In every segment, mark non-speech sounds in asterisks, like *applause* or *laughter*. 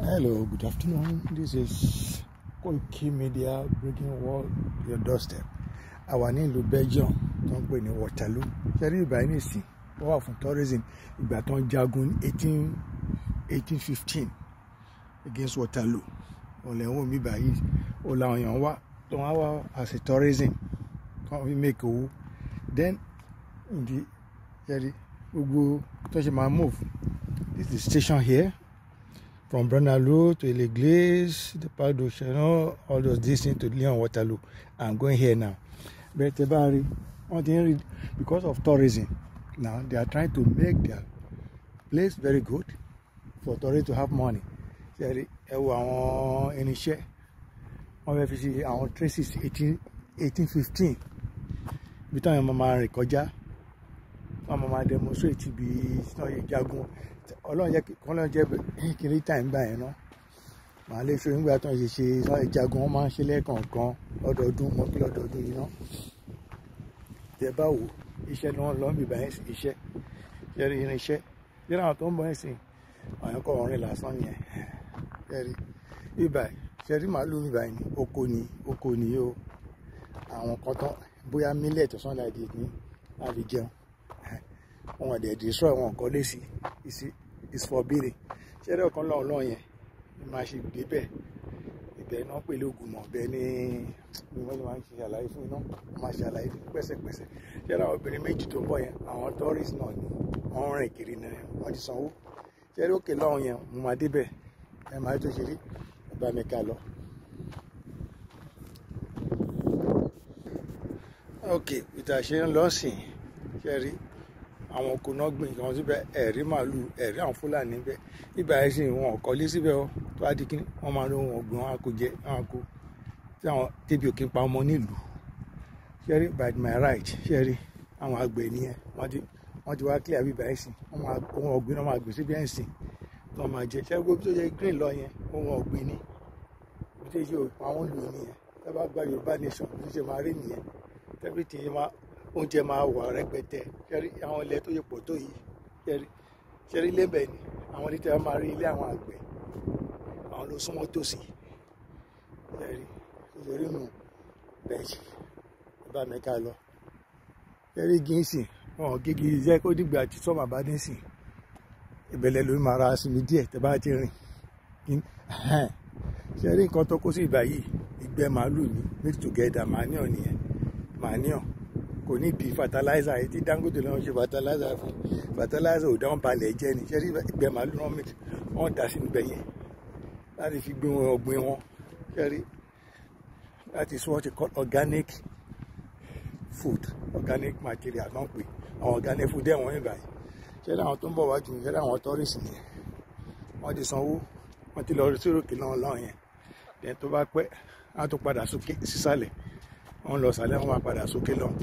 Hello, good afternoon. This is Koiki Media Breaking World Your Doorstep. A wà ní ìlú Belgium Don't go pè Waterloo. Ṣẹ́rí by yìí nìsín, ó from tourism ìgbà tó ń jagun 18, 1815 against Waterloo. Only ń wò mí báyìí, ó làwọn èèyàn wá tó wá wá as a tourism Can we fi make owó. Then in the ṣẹ́rí we go. ṣe máa move. This is the station here from Brunaloo to Eleglise, the Parc du Chenon, all those distance to Lyon Waterloo. I'm going here now. But uh, Tebari, uh, because of tourism, now they are trying to make their place very good for tourists to have money. Ṣẹ̀rí ẹ wo àwọn irinṣẹ́ wọ́n fẹ́ fi ṣe àwọn traces eighteen eighteen fifteen ibi táwọn ọmọ máa demonstrate ibi iná yìí jagun ọlọ́run jẹ́ ọlọ́run jẹ́ kiri time gbà yẹn náà màá lè ṣe nígbà tó ń ṣe ṣe iná yìí jagun wọ́n máa ń ṣe lẹ́ẹ̀kọ̀ọ̀kan lọ́dọọdún mọ́ kí lọ́dọọdún yìí náà tẹ bá wò iṣẹ́ ni wọ́n lọ́ bìbá yẹn sí iṣẹ́ yẹ́rì irinṣẹ́ yẹ́rì àwọn tó ń bọ̀ yẹn sìn àwọn kọ̀ ọ̀rìn lásán yẹn yẹ́rì ibà ṣẹ́rí màálù ibà yẹn oko ni oko ni o àwọn kan tán bóyá mílẹ̀ tọ̀sán láì dé ní àlè jẹun wọn àdẹ̀ destroy wọn kọ́ lé sí is for béèrè ṣẹ́rẹ́ ọ̀kan lọ́wọ́ lọ́wọ́ yẹn ni màá ṣe débẹ̀ ibẹ̀ náà pèlè ògùnmọ̀ ọ̀bẹ ní ìwọ́n ni wọ́n ṣe àlàyé fún iná máa ṣe àlàyé pẹ́sẹ̀pẹ́sẹ̀ ṣẹ́rẹ́ àwọn obìnrin méjì tó bọ̀ yẹn àwọn tourist náà ni wọ́n rìn kiri náà wọ́n ti sanwó ṣẹ́rẹ́ òkè lọ́wọ́ yẹn mo máa débẹ̀ ẹ máa tó ṣe rí ọba mi ká lọ. ok ìtàṣe ń lọ sìn ṣẹ́rí àwọn oko náà gbìn kan síbẹ̀ ẹ̀rí màálù ẹ̀rí àwọn fúlàní bẹ́ẹ̀ ibà ẹ̀ sì wọn kọ́lé síbẹ̀ ọ tó bá di kí wọ́n máa lóhun ọ̀gbìn wọn kò jẹ wọn kò tí àwọn débi òkè pa ọmọ nílùú ṣẹ́rí by my right ṣẹ́rí àwọn àgbẹ̀ nìyẹn wọ́n ti wọ́n ti wá clear bíbá ẹ̀ sìn ohun ọ̀gbìn náà máa gbìn síbi ẹ̀ sìn tó máa jẹ ṣẹ́rí gbogbo tó yẹ green lọ yẹn ohun ọ̀gbìn ni bí tó yẹ àwọn lò nìyẹn tẹ́ bá ṣe máa rí oúnjẹ máa wà rẹpẹtẹ ṣẹ́rí àwọn ilẹ̀ tó yẹ pọ̀ tó yìí ṣẹ́rí ṣẹ́rí lẹ́bẹ̀ẹ́ ni àwọn ilé tí wọ́n máa rí ilé àwọn àgbẹ̀ àwọn ló súnmọ́ tòsí ṣẹ́rí ìrírí nù bẹ́ẹ̀sì bá mi ká lọ ṣẹ́rí gínsìn wọn gígí jẹ́ kó dìgbà tí sọ́mà bá dé sìn ìbẹ̀lẹ̀ ló máa ra sinmi díẹ̀ tẹ́ bá ti rìn ṣẹ́rí nǹkan tó kó sí ìgbà yìí ìgbẹ́ màálù ni mix together màá níọ̀ nìyẹn màá níọ̀ kò ní di fertilizer yìí tí Dangote lọ́n ṣe fertilizer fún fertilizer ò dáhùn balẹ̀ jẹ́ ni ṣẹ́rí ìgbẹ́ màálù náà mìtì wọ́n dà sí ìgbẹ́ yẹn láti fi gbé wọn ọ̀gbìn wọn ṣẹ́rí that is what they call organic food organic material náà pè àwọn organic food ẹ̀ wọ́n yìí báyìí ṣẹ́rí àwọn tó ń bọ̀ wájú ṣẹ́rí àwọn tọ́rìsì yẹn wọ́n ti sanwó wọ́n ti lọ sí òkè náà lọ́hùn yẹn ẹ̀ tó bá pẹ́ á tún padà sókè sísàlẹ̀ wọ́n lọ sàlẹ̀ wọ́n máa padà sókè lọ́hùn.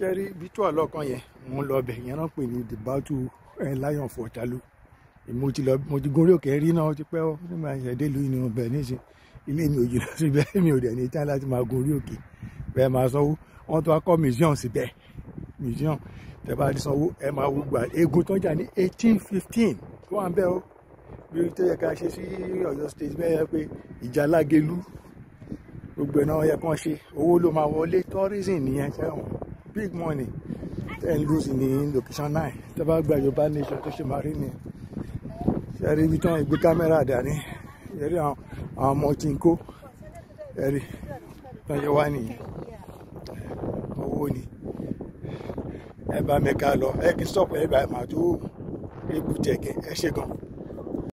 kẹ́rí bítú ọlọ́kan yẹn mo ń lọ ọbẹ̀ yẹn náà pè ní the battle lion for Talú mo ti lọ mo ti gorí òkè rí náà ti pẹ́ ọ́ nígbà yẹn dé lóyún ní ọbẹ̀ níṣẹ́ ilé mi ò jìnnà *laughs* síbẹ̀ mi ò dẹ̀ ní tán láti máa gorí òkè bẹ́ẹ̀ máa sanwó wọ́n tún wá kọ́ museum síbẹ̀ museum tẹ́ bá ti sanwó ẹ máa wo gbà eégún tó jà ní eighteen fifteen tó wà ń bẹ́ ọ́ bí tó yẹ ká ṣe sí Ọ̀yọ́ state bẹ́ẹ̀ yẹ pé ìjà lágelú gbogbo ẹ̀ náà yẹ kán ṣe owó ló máa wọlé tourism nìyẹn sẹ́wọ̀n big money ten lose ní location nine tẹ́ bá gba yorùbá nation tó ṣe máa rí ni ẹ̀rí ibi tán ìgbé kámẹ́rà dání ẹ̀rí àwọn ọmọ tí ń kó ẹ̀rí tán yẹ wá nìyẹn owó ni ẹ bá mẹ́ka lọ ẹ kì í sọ̀pọ̀ ẹ bá máa tó